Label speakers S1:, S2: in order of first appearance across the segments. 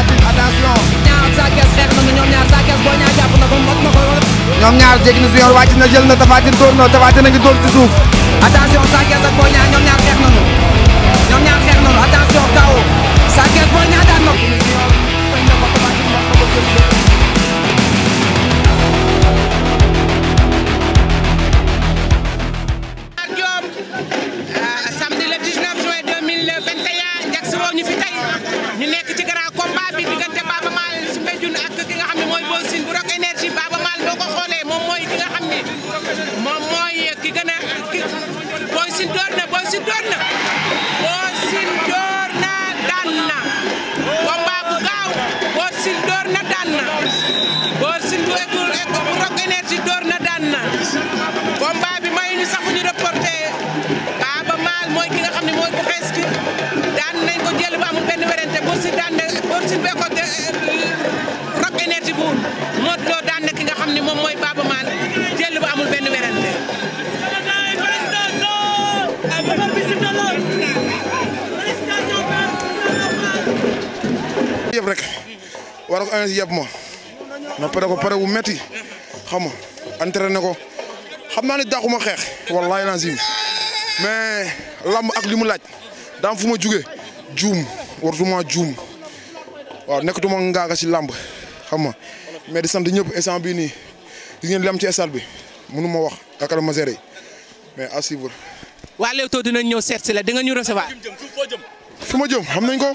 S1: Fatick ñoom ñaar Sa Thiès boo ñaar na ko na ko wala.
S2: na su na ngi dóor ci suuf. attention Sa Thiès ñaar ñoom ñaar xeex ñoom ñaar xeex nañu attention kaw Sa Thiès boo daan na
S3: ñu nekk ci gara combat bi diggante Baba Maal su ak ki nga xam mooy Boy Sine bu Rock Maal boo ko ki nga xam ne ki gën na Boy Sine na Boy Sine na daan na combat gaaw Boy Sine na daan na Boy Sine bu école na daan na combat Eh, Modou Sine Beko Rock
S4: rek war ko ansi yëpp ma ma ko pare wu metti xama nga entraîné ko xam naa ne dàquma xeex wallahi lazim mais lamb ak li mu laaj daam fu ma jugee juum wartuma juum waaw nekkatuma ngaaga si làmb xam nga mais di sant ñëpp instant bii nii di ngeen bi mënu ma wax yaakaar ma géré mais à suivre.
S3: waa Leewtoo dinañ ñëw seet si la di nga ñu recevoir.
S4: fi ma jëm xam nañ ko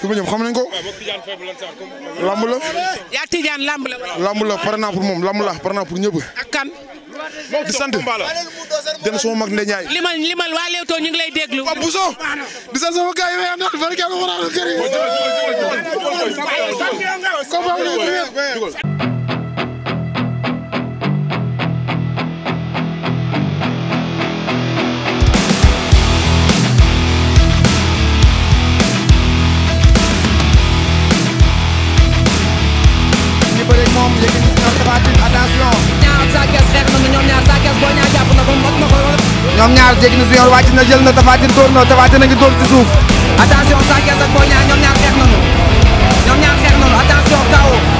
S4: fi ma jëm xam nañ ko.
S3: làmb la. yaa Tidiane làmb la. làmb la pare
S4: naa pour moom làmb la pare naa pour ñëpp. ak kan. di sant den sama mag Ndeye Ndiaye. limal limal waa Leewtoo ñu ngi lay déglu. Samb
S2: ñoom ñaar jéggi ni junior wàcc na jël na Tapha Tine dóor na Tapha Tine a ngi dóor ci suuf attention Sa Thiès ak Boy Niang ñoom ñaar xeex nañu ñoom ñaar xeex noonu attention KO